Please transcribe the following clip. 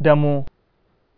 damu